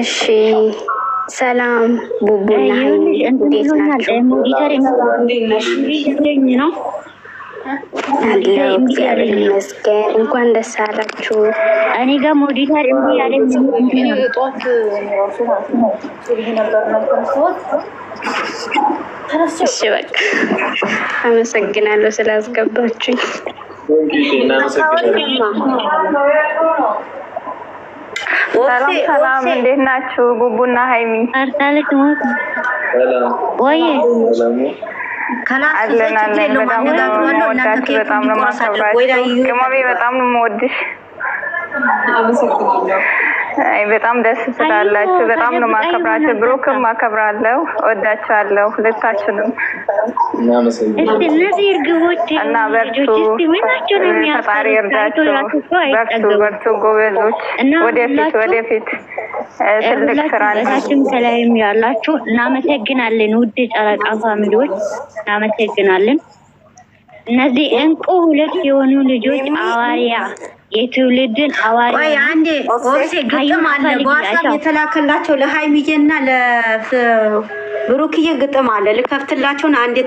እሺ ሰላም ቡቡና ነው እንኳን ደስ አላችሁ። እኔ ጋር ሞዲተር ያለ እሺ በቃ አመሰግናለሁ ስላስገባችኝ። ሰላም ሰላም፣ እንዴት ናችሁ? ጉቡና ሀይሚ አለን አለን። በጣም በጣም ነው ቅመሜ በጣም ነው የምወድሽ። በጣም ደስ ስላላችሁ በጣም ነው የማከብራችሁ። ብሩክም አከብራለሁ፣ ወዳችኋለሁ ሁለታችሁንም። እነዚህ እርግቦች እና በርቱ፣ ፈጣሪ እርዳቸው። በርቱ በርቱ፣ ጎበዞች፣ ወደፊት ወደፊት ትልቅ ከላይም ያላችሁ እናመሰግናለን። ውድ ጨረቃ ፋሚሊዎች እናመሰግናለን። እነዚህ እንቁ ሁለት የሆኑ ልጆች አዋሪያ የትውልድን አዋሪ አንዴ ግጥም አለ በዋሳብ የተላከላቸው ለሀይሚዬ እና ለ ብሩክዬ ግጥም አለ ልከፍትላችሁን አንዴ